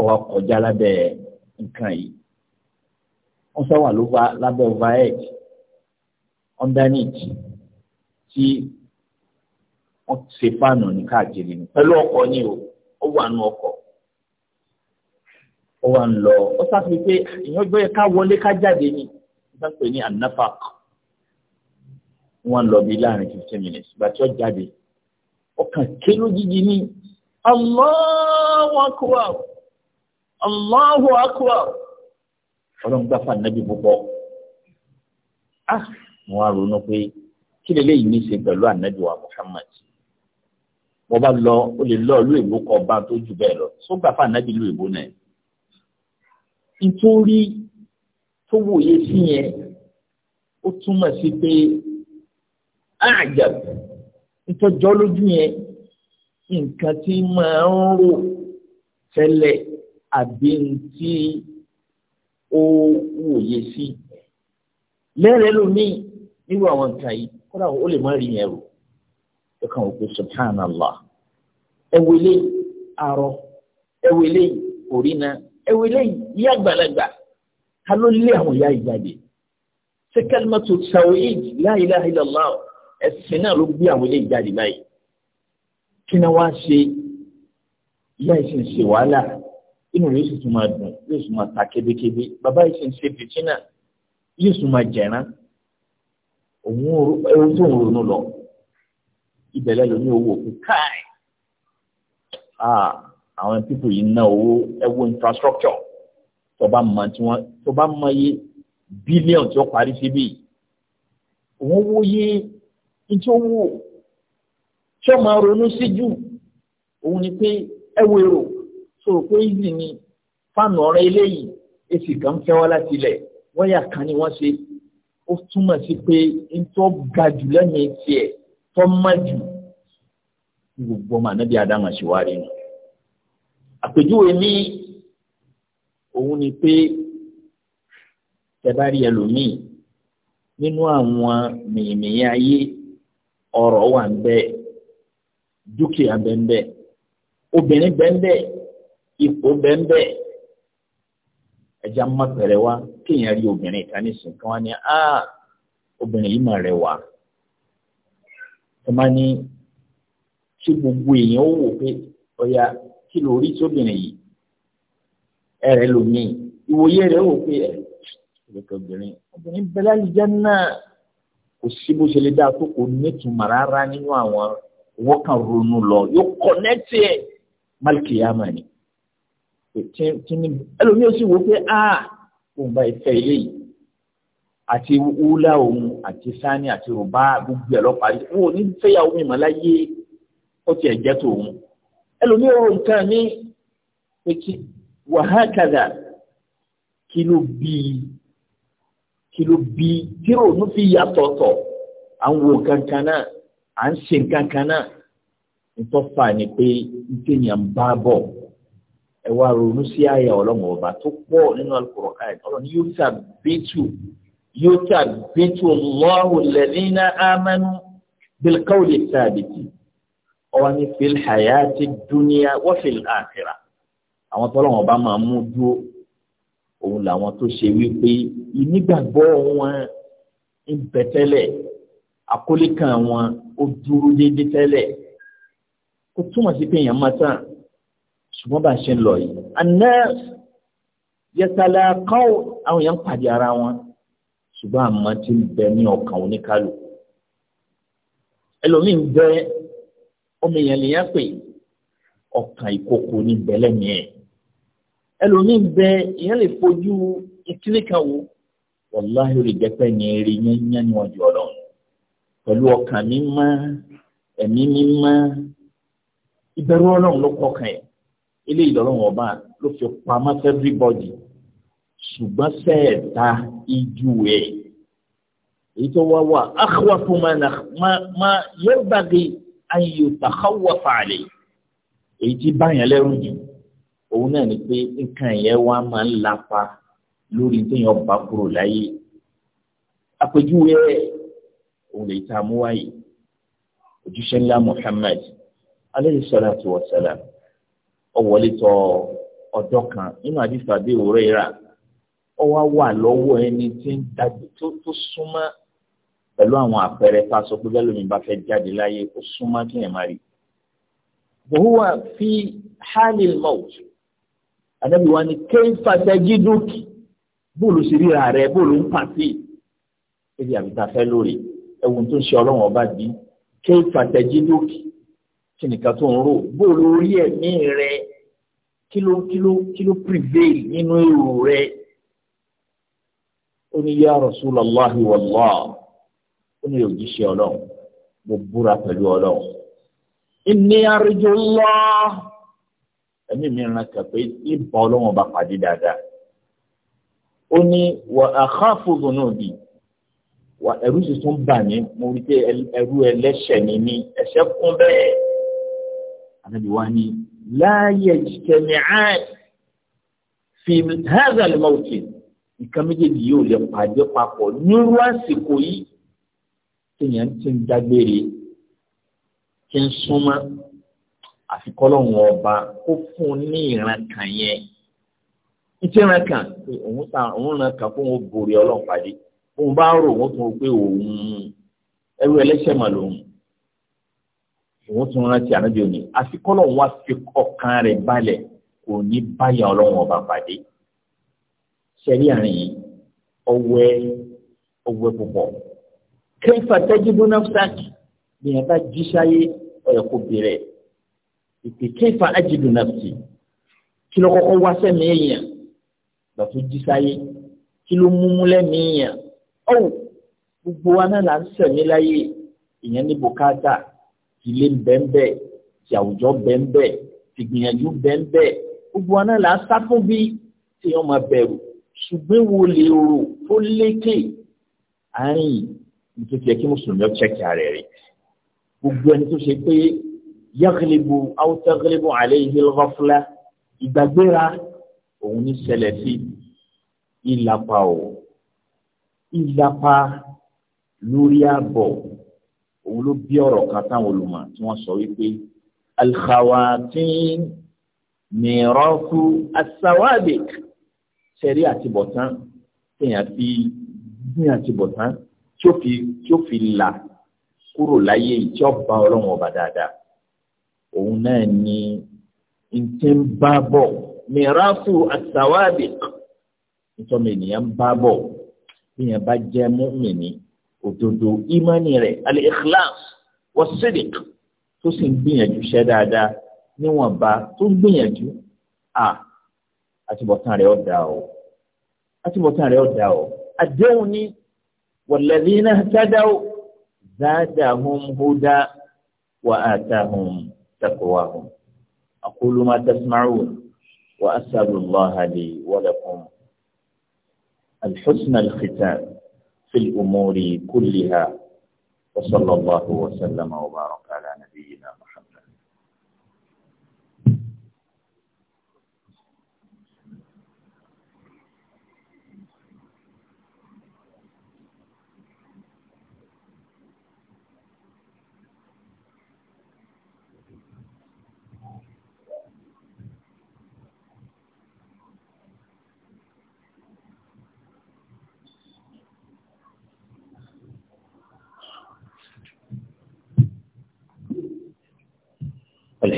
ọwọ́ kọjá lábẹ́ nǹkan yìí wọ́n sọ wà lóba lábẹ́ overhead underneath tí wọ́n ṣe fáànù ní káàkiri ni pẹ̀lú ọkọ̀ ni o ó wà nù ọkọ̀ ó wà ń lọ ó sáfi pé èèyàn gbé ká wọlé ká jáde ni wọ́n pè ní anafak wọ́n lọ bí láàrin fifteen minutes ìgbà tí ó jáde ó kàn ké lójijì ní Allahu akbar. Allahu akbar ọlọ́run gbà fún ànábì púpọ̀ ah mo wá ronú pé kí lélẹ́yìí ní í ṣe pẹ̀lú ànábì wa Muhammad mo bá lọ o lè lọ ìlú èbó kọ ọba tó jù bẹ́ẹ̀ lọ tó gbà fún ànábì ìlú èbó náà nítorí tó wòye sí yẹn ó túmọ̀ sí pé àjà ìtọ́jọ́ lójú yẹn nǹkan tí máa ń rò tẹ́lẹ̀ àbí tí ó wòye sí lẹ́rẹ̀ẹ́ lómii nírú àwọn nǹkan yìí kódà ó lè má rí yẹn rò ó kàn wò pé subhanallah ẹwẹlẹ arọ ẹwẹlẹ òrìnà ẹwẹlẹ ìyá àgbàlagbà ta ló lé àwọn ìyá ìjáde ṣé kalimatu tawhid la ilaha illallah ẹ̀sìn náà ló gbé àwọn ilé ìjáde báyìí kí ni wọ́n á ṣe ìyá ìsìn ṣe wàhálà inú rẹ̀ yóò sì máa dùn yóò sì máa ta kébékébé bàbá yìí sì ń ṣe fìtínà yóò sì máa jẹ̀rán òun ẹ̀rọ tó ń ronú lọ ìbẹ̀lẹ̀ lómi owó òkú káì àwọn pípò yìí ná owó ẹwọ infrastructure tó bá mọ tí wọn tó bá mọ iye bílíọ̀nù tí ó parí síbí òun wó yé tí ó wò tí ó máa ronú sí òun ni pé ẹwọ èrò so pé ìzì ni fáànù ọ̀rẹ́ eléyìí èsì kan ń fẹ́ wá láti ilẹ̀ wáyà kan ni wọ́n ṣe ó túmọ̀ sí pé n tó ga jù lẹ́nu tiẹ̀ tó má jù gbogbo ọmọ ànábì adama ṣe wá àpèjúwe ní òun ni pé tẹ́bárí ẹlòmíì nínú àwọn mìíràn ayé ọ̀rọ̀ wà ń bẹ dúkìá bẹ́ẹ̀ bẹ́ẹ̀ obìnrin bẹ́ẹ̀ bẹ́ẹ̀ ipò bẹ́ẹ̀ ẹja mọ̀tẹ̀rẹ̀ wa kéèyàn rí obìnrin kan nísìn kan wá ní á ah, obìnrin yìí máa rẹwà ẹ máa ní kí gbogbo èèyàn ó wò pé ọ̀yà kí ló rí sóbìnrin yìí ẹ rẹ lòmíì ìwòye rẹ wò pé ẹ eh, ìrẹ̀kẹ̀ obìnrin obìnrin bẹ́lá ìjà náà kò sí bó ṣe lè dáa tó kò nítumọ̀ rárá nínú àwọn wọ́n ronú lọ yóò kọ̀ nẹ́tì ẹ̀ máàlì ni tí níbi ẹlòmí ó sì wò pé a ah, òun bá ìfẹ́ ilé yìí àti wúlà òun àti sani àti ròbá gbogbo ẹ̀ lọ́pàá yìí wọn ò ní fẹ́yàwó mi màlá yé ó tiẹ̀ jẹ́ tòun ẹlòmí ó nǹkan ní pé kí wàhákàdà kí ló bí kí ló bí kí ròónú fi à ń wo kankan náà à ń ṣe kankan náà nítorí fa ni pé ní kéèyàn bá bọ̀ ẹ wá ronú sí àyà ọlọ́mọ ọba tó pọ̀ nínú Al-Qur'an ọlọ́ni yóò tàbẹ́tù yóò tàbẹ́tù Allahu alladhina amanu bilqawli thabiti ọwọ́ ní fil hayati dunya wa fil akhirah àwọn tọ́lọ́mọ ọba máa mú dúró òun làwọn tó ṣe wípé ìnígbàgbọ́ wọn ń bẹ tẹ́lẹ̀ àkólé wọn ó dúró déédéé tẹ́lẹ̀ kó túmọ̀ sí pé èèyàn máa tán ṣùgbọ́n bá ṣe ń lọ yìí anas yẹtàlá kan àwọn yẹn ń pàdé ara wọn ṣùgbọ́n àmọ́ ti ń bẹ ní ọkàn oníkálù ẹlòmíín bẹ ọmọ èèyàn lèyàn pè ọkàn ìkòkò ní bẹlẹ́mìí ẹ̀ ẹlòmíín bẹ èèyàn lè fojú ìkíní kan wo wàláhì rè jẹ́pẹ́ ní eré yányá níwájú ọlọ́run pẹ̀lú ọkàn mímọ́ ẹ̀mí mímọ́ ìbẹ̀rù ọlọ́run ló kọkàn ẹ̀ eléyìí lọ́lọ́wọ́n ọba ló fi pamọ́ everybody ṣùgbọ́n sẹ́ẹ̀ta ijú ẹ̀ èyí tó wá wà akhwafu ma yẹ́bàgì ayò tàkàwọ̀ fàlẹ̀ èyí tí báyàn lẹ́rù jù òun náà ni pé nǹkan yẹn wá máa ń lapa lórí téèyàn bá kúrò láyé àpèjúwe ẹ̀ òun lè ta mú ojúṣe ńlá Muhammad alayhi salatu wa salam ó wọlé tọ ọjọ́ kan nínú àdìsá bí òwúrọ̀ yìí rà ó wá wà lọ́wọ́ ẹni tí ń dájú tó tó súnmọ́ pẹ̀lú àwọn àpẹẹrẹ tá a sọ pé bẹ́ẹ̀ lómi bá fẹ́ jáde láyé kó súnmọ́ kí ẹ̀ má rí. bòhùwà fi halil maut àdàbí wa ni kéńfà tẹ́jí bóòlù sì ríra rẹ̀ bóòlù ń pàṣẹ ebi àbíta fẹ́ lórí ẹ̀wù tó ń ṣe ọlọ́run ọba bí kéńfà tẹ́jí dúkì kí nìkan tó ń rò bó lórí ẹ̀mí rẹ kí ló kí ló kí ló prevail nínú èrò rẹ ó ní yá Rasulullahi wallah ó ní òjíṣẹ́ ọlọ́run mo búra pẹ̀lú ọlọ́run inni arjullah ẹ̀mí mi ràn kà pé ìbá ọlọ́run ọba pàdé dáadáa ó ní wà akhafu dhunubi wà ẹ̀rú sì bà mí mo rí pé ẹrú ẹlẹ́ṣẹ̀ ni mí ẹ̀ṣẹ̀ kún bẹ́ẹ̀ ànábì wa ní láàyè ìṣẹ̀mìíràn fi hazal mọ́tì nǹkan méjèèjì yóò lè pàdé papọ̀ nírú àsìkò yìí téèyàn ti ń dágbére ti ń súnmọ́ àfi kọ́lọ́hún ọba kó fún un ní ìran kan yẹn ìtí ìran kan pé ta òun ran kan fún òun borí ọlọ́run pàdé òun bá rò wọ́n tún pé òun ẹrú ẹlẹ́ṣẹ̀ mà lòun òun tún rántí ànájọ ni àfikọ́lọ̀ òun wá fi ọkàn rẹ̀ balẹ̀ kò ní báyà ọlọ́run ọba pàdé sẹ́rí àárín yìí ọwẹ́ ọwẹ́ púpọ̀ kẹfà tẹ́jú nafsak ni ẹ bá jíṣáyé ọ̀yẹ̀ kò bèrè ìpè kẹfà ajidu nafsi kí ló kọ́kọ́ wá sẹ́mi èèyàn lọ́tún jíṣáyé kí ló múmú lẹ́mi èèyàn ọ̀hún gbogbo wa náà là ń sẹ̀mí láyé ìyẹn ní bùkátà ilé bẹ́ẹ̀nbẹ́ ti àwùjọ bẹ́ẹ̀nbẹ́ ti gbìyànjú bẹ́ẹ̀nbẹ́ gbogbo wa náà là ń sá fún bí tí wọ́n máa bẹ̀rù ṣùgbọ́n wo lè rò tó lékè àárín nítorí yẹ kí mùsùlùmí ọ chẹ́kì ààrẹ rẹ̀ gbogbo ẹni tó ṣe pé yaghlibu aw taghlibu alayhi al ìgbàgbéra òun ní ṣẹlẹ̀ sí ìlàpá ò ìlàpá lórí ààbọ̀ òun ló bí ọ̀rọ̀ kan táwọn olùmọ̀ tí wọ́n sọ wípé alkhawatin mìíràkú asawadik sẹ́rí àtibọ̀tán téèyàn fi gbìn àtibọ̀tán tí ó fi tí ó fi là kúrò láyé tí ó bá ọlọ́run ọba dáadáa òun náà ni ntí ń bá bọ̀ mìíràkú asawadik nítorí ènìyàn ń bá bọ̀ bí èèyàn bá jẹ́ mọ́mìnì òdodo ìmánì rẹ̀ al-ikhlas was-sidq tó sì ń gbìyànjú ṣe dáadáa níwọ̀nba tó ń gbìyànjú à àtúbọ̀tán rẹ̀ ọ̀dà o àtúbọ̀tán rẹ̀ ọ̀dà o àdéhùn ni walladhina ihtadaw zadahum huda wa atahum taqwahum aqulu ma tasma'un wa as'alullaha li wa lakum al-husna al-khitam. في الأمور كلها وصلى الله وسلم وبارك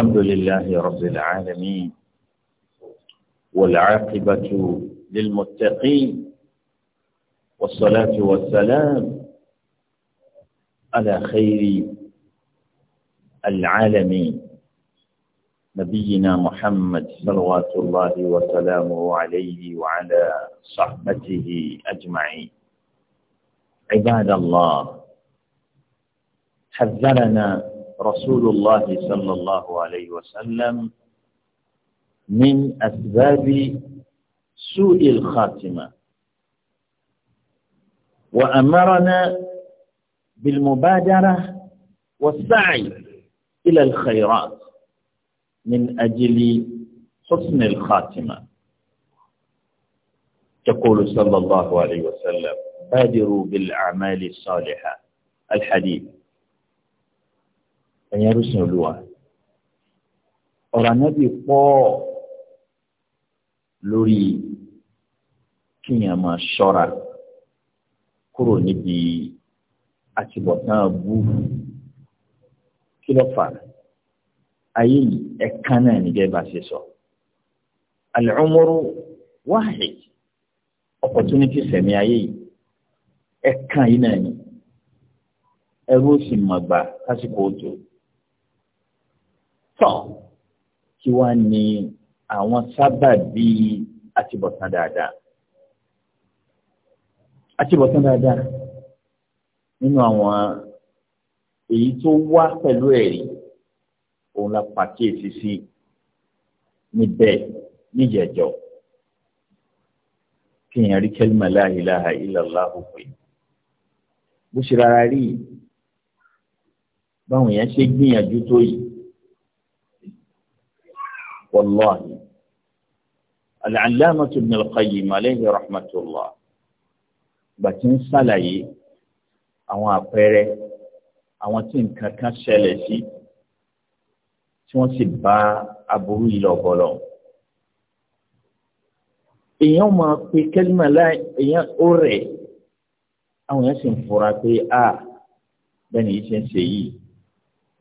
الحمد لله رب العالمين والعاقبة للمتقين والصلاة والسلام على خير العالمين نبينا محمد صلوات الله وسلامه عليه وعلى صحبته أجمعين عباد الله حذرنا رسول الله صلى الله عليه وسلم من أسباب سوء الخاتمة وأمرنا بالمبادرة والسعي إلى الخيرات من أجل حسن الخاتمة يقول صلى الله عليه وسلم بادروا بالأعمال الصالحة الحديث ẹ̀yẹn rúṣin olúwa ọ̀rọ̀ ànábì pọ̀ lórí kíyàn máa ṣọ́ra kúrò níbi àtibọ̀tán bú kí ló fà ayé ẹ̀ka náà nígbẹ́ bá ṣe sọ al-umru wahid sẹ̀mí ayé ẹ̀ka yìí náà ni ẹrú sì tọ̀ kí wàá ní àwọn sábàbí àtibọ̀tán dáadáa àtibọ̀tán dáadáa nínú àwọn èyí tó wá pẹ̀lú ẹ̀rí òun la pàkíyèsí sí níbẹ̀ níjẹ̀jọ́ kéèyàn rí kẹ́límà la ilaha illallahu pé bó ṣe rárá rí báwọn yẹn ṣe gbìyànjú tó yìí wallahi al-allamah ibn al-qayyim alayhi rahmatullah gbàtí ń ṣàlàyé àwọn àpẹẹrẹ àwọn tí nǹkan kan ṣẹlẹ̀ sí tí wọ́n sì bá aburú yìí lọ bọ̀lọ̀ èèyàn máa pe kẹ́límà láì èèyàn ó rẹ̀ àwọn èèyàn sì ń fura pé a bẹ́ẹ̀ ni yìí ṣe ń ṣe yìí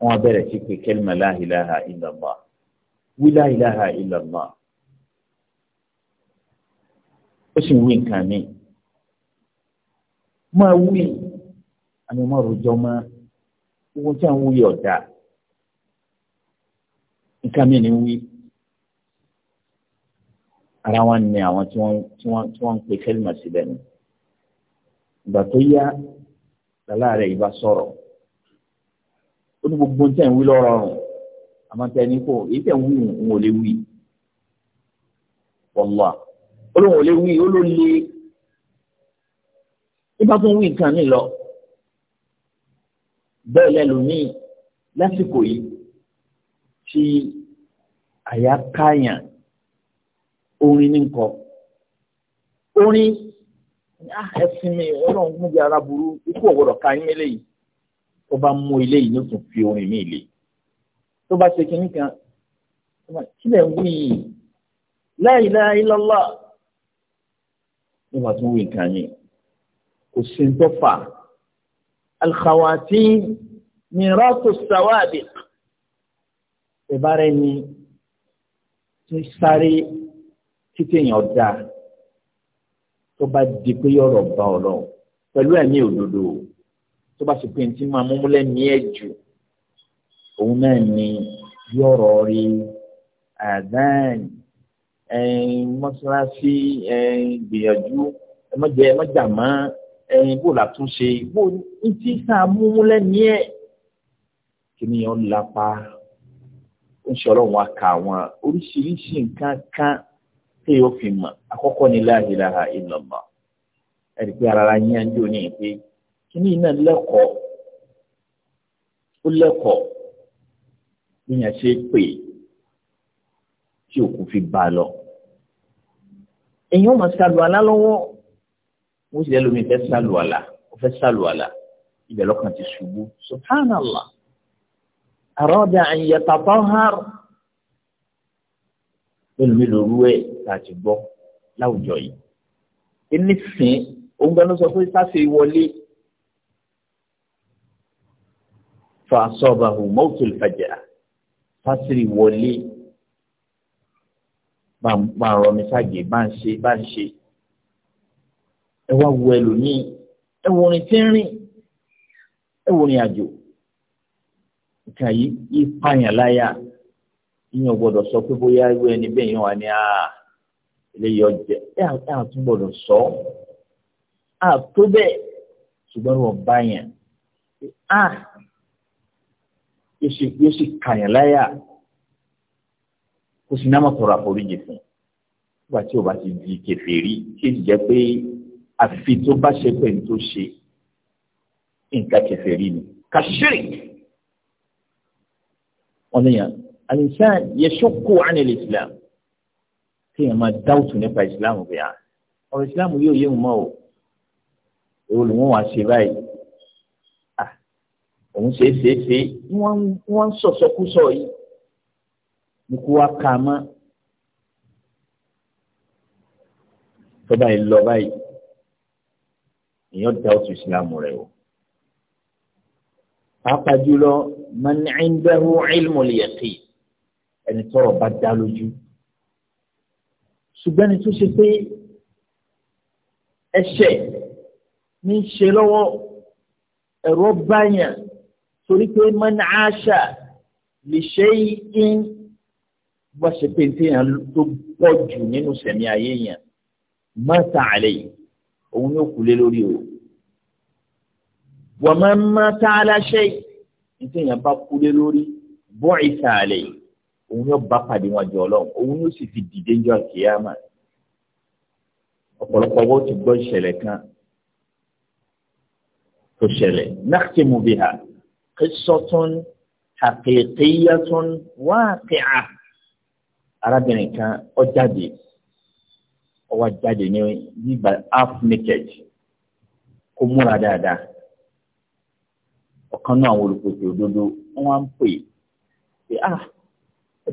wọ́n bẹ̀rẹ̀ sí pe kẹ́límà la ilaha illallah wílá ìlàhà ìlàlá ó sì wí nǹkan mi máa wí àmì máa rojọ́ mọ́ owó tí à ń wí ọ̀dà nǹkan mi ni wí ara wọn ni àwọn tí wọ́n tí wọ́n tí wọ́n ń pe kẹlìmọ síbẹ̀ ni ìgbà tó yá lálẹ́ rẹ̀ ìbá sọ̀rọ̀ ó ní gbogbo tí à ń wí lọ́rọ̀ àmọ́ tẹ ní kò èyí tẹ̀ wí òun ò lè wí wọ́lọ́ olóhùn ò lè wí ó ló le nígbà tó ń wí nǹkan mi lọ bẹ́ẹ̀ lẹ́lòmíì lásìkò yìí tí àyà káyàn orin ní nkọ orin ah, ẹsìn mi ọlọ́run mú bí ara burú ikú ọ̀gbọ́dọ̀ ká yín eléyìí ó bá mú eléyìí ló tún fi orin mi lè tó bá ṣe kínní kan kílẹ̀ ń wí yìí la ilaha illallah ní wàá tún wí nǹkan yìí kò sí ń tọ́fà alxawati mìíràtò sàwádìí ìbára ẹni tí sáré títẹ̀yàn dáa tó bá di pé yọ̀rọ̀ bá ọ lọ pẹ̀lú ẹ̀mí òdodo tó bá sì pé ní ti máa mú múlẹ̀ ẹ̀ jù òun náà ni yọ̀rọ̀ rí àdán mọ́ṣáláṣí gbìyànjú ẹmọ́jẹ ẹmọ́jà mọ́ bó la tún ṣe bó ní tí sáà mú lẹ́ni ẹ̀ kí ni ó lápá ń ṣe ọlọ́run wa kà àwọn oríṣiríṣi nǹkan kan tí yóò fi mọ̀ àkọ́kọ́ ni la ilaha ẹ̀rí pé ara yín á ń jò ní ìpè kí iná lẹ́kọ̀ọ́ ó lẹ́kọ̀ọ́ yíyan ṣe pè tí òkú fi bá a lọ. èèyàn máa ṣàlù àlá lọ́wọ́ wọ́n sì lẹ́lómi fẹ́ ṣàlù àlá ó fẹ́ ṣàlù àlá ibẹ̀ lọ́kàn ti ṣubú subhanallah àròdà àyẹ̀tàtọ̀ har lẹ́lómi lòrú ẹ̀ láti gbọ́ láwùjọ yìí. ẹni sìn òun gan sọ pé sáfì wọlé. فأصابه موت الفجأة fásitì wọlé máa rọ mi ságè bá ń ṣe bá ń ṣe ẹ wá wo ẹlòmíì ẹ wo orin tí ń rìn ẹ wo orin àjò nǹkan yìí yìí pààyàn láyà ìyẹn gbọ́dọ̀ sọ pé bóyá irú ẹni bẹ́ẹ̀ yẹn wà ní àá eléyìí ọjẹ ẹ àtún gbọ́dọ̀ sọ àtó bẹ́ẹ̀ ṣùgbọ́n wọn bá yẹn à yóò sì kàyàn láyà kó sì náà má tọrọ àforíjì fún nígbà tí o bá ti di kèfèrí tí èyí jẹ́ pé àfi tó bá ṣe pẹ̀lú tó ṣe nǹkan kèfèrí ni kàṣírí wọn lè yàn àlìsàn yẹsùkú ànil islam tí yẹn máa dáwùtù nípa islam bìyà ah, ọ̀rọ̀ islam yóò yé wọn mọ́ o èwo ló wọn wá ṣe báyìí òun ṣe é ṣe é ṣe wọ́n ń sọ̀sọ́kúsọ yìí ní kó wá ká mọ́ tọ́ba yìí lọ báyìí èèyàn da ọtún ìsìlámù rẹ o pàápàá jùlọ man indahu ilmul ẹni tọ́rọ̀ bá dá lójú ṣùgbọ́n ẹni tó ṣe pé ẹ̀ṣẹ̀ ní í ṣe lọ́wọ́ ẹ̀rọ báyàn torí pé mọ́nà àṣà lè ṣe é ń bọ́ ṣe pé téèyàn tó pọ̀ jù nínú sẹ̀mí ayé yẹn mọ́ta àlẹ́ yìí òun yóò kú lé lórí o wọ́n máa ń mọ́ta aláṣẹ yìí téèyàn bá kú lé lórí bọ́ ìta àlẹ́ yìí òun yóò bá pàdé wọn jọ ọlọ́run òun yóò sì fi dìde jọ kíyámà ọ̀pọ̀lọpọ̀ wọ́n ti gbọ́ ìṣẹ̀lẹ̀ kan tó ṣẹlẹ̀ náà ti mú bí ha qissatun haqiqiyyatun waqi'ah arábìnrin kan ó jáde ó wá jáde ní bíbá half naked kó múra dáadáa ọ̀kan náà àwọn olùkòtò òdodo wọn á ń pè pé a ah,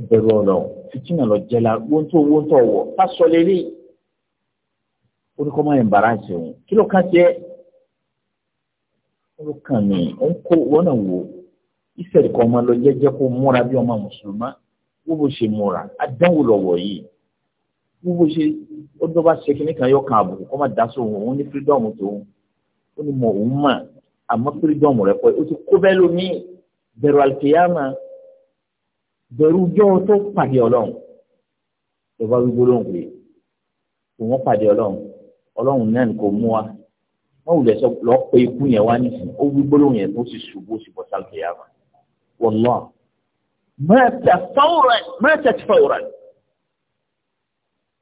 bẹ̀rù ọ̀rọ̀ fìtínà lọ jẹ́la wọ́n tó wọ́n tó wọ̀ fásọlẹ́lẹ́ oníkọ́mọ́ ẹ̀ ń bàrà ṣe òun kí ló ká ó kàn mí o ń kó wọ́nà wò ìsẹ̀rì kan máa lọ jẹ́jẹ́ kó múra bí ọmọ mùsùlùmá wó bó ṣe múra àdánwò lọ́wọ́ yìí wó bó ṣe ó dọ́ bá ṣe kínní kan yọ kan àbùkù kó má dá sóhun òun ní fírídọ́ọ̀mù tòun ó ní mọ òun mà àmọ́ fírídọ́ọ̀mù rẹ̀ pọ̀ ó ti kó bẹ́ẹ̀ lómi bẹ̀rù àlùkìyàmà bẹ̀rù jọ́ tó pàdé ọlọ́run ló bá pé òun pàdé ọlọ́run ọlọ́run náà kò mú wa wọn ò lè sọ lọ pé ikú yẹn wá nísìnyí ó wí gbólóhùn yẹn tó sì ṣubú sí bọ sálùkì yàrá wọlọ mẹta fọwọrẹ mẹta fọwọrẹ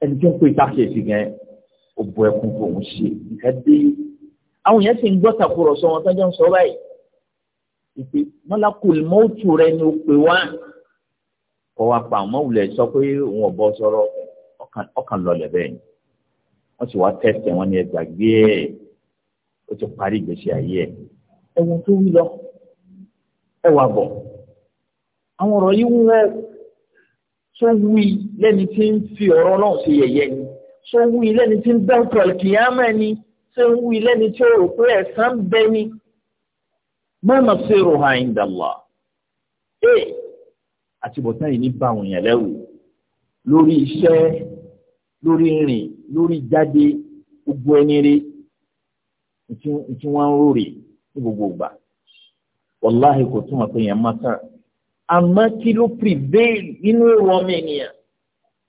ẹni tó ń pè tá a ṣe sí ó bọ ẹkún fún òun ṣe nǹkan dé àwọn yẹn sì ń gbọ́ tàkùrọ̀sọ wọn tọ́jú ń sọ báyìí ìpè mọ́lákùlì mọ́ọ̀tù rẹ ni ó pè wá kọ́ wa pa àmọ́ wulẹ̀ sọ pé òun ọ̀bọ sọ̀rọ̀ ọkàn lọlẹ̀ bẹ́ẹ̀ ni wọ́n sì wá tẹ̀sẹ̀ ti parí ìgbésí ayé ẹ̀ ẹ̀wọ̀n tó ń lọ ẹwà bọ̀ àwọn ọ̀rọ̀ yìí wúwo tó wí lẹ́ni tí ń fi ọ̀rọ̀ náà ṣe yẹ̀yẹ́ ni tó wí lẹ́ni tí ń bẹ́ẹ̀kọ̀ kìyàmẹ́ ni tó wí lẹ́ni tí ó rò pé ẹ̀san bẹ ni mọ́nà sí roha ìdàlá ẹ̀ àtibọ̀tán yìí ní bá àwọn èèyàn lẹ́wù lórí iṣẹ́ lórí ìrìn lórí jáde gbogbo ẹni rí tí wọ́n ń rúre ní gbogbo ìgbà wàláhì kò túmọ̀ pé yẹn máa sára àmọ́ kí ló prevail nínú èrò ọmọ ènìyàn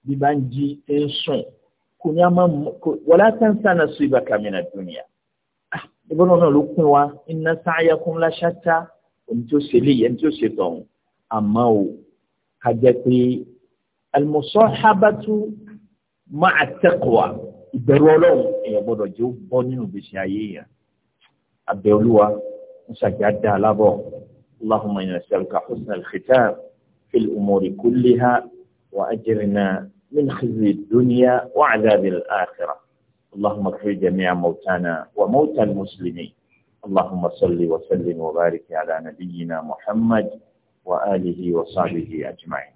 bí bá ń jí ẹ ń sùn kò ní a máa wọ́n látàn sànà sọ ìbá kàmínà dúnìyà ìbọn náà ló kún wa iná sáyà kún láṣáta ẹni tí ó ṣe lè yẹ ẹni tí ó ṣe tọ̀hún àmọ́ o ká jẹ́ pé almusahabatu ma'a taqwa. ìbẹ̀rù ọlọ́run èèyàn gbọ́dọ̀ jẹ́ ó bọ́ nínú ìgbésí ayé yẹn abẹ́ olúwa ń ṣàjà dá a lábọ̀ allahumma inna nas'aluka husna al-khitam fil umuri kulliha wa ajirna min khizyi dunya wa á adhabi al-akhirah allahumma ighfir jami'a mawtana wa mawta al-muslimin اللهم صل وسلم وبارك على نبينا wà وآله وصحبه أجمعين.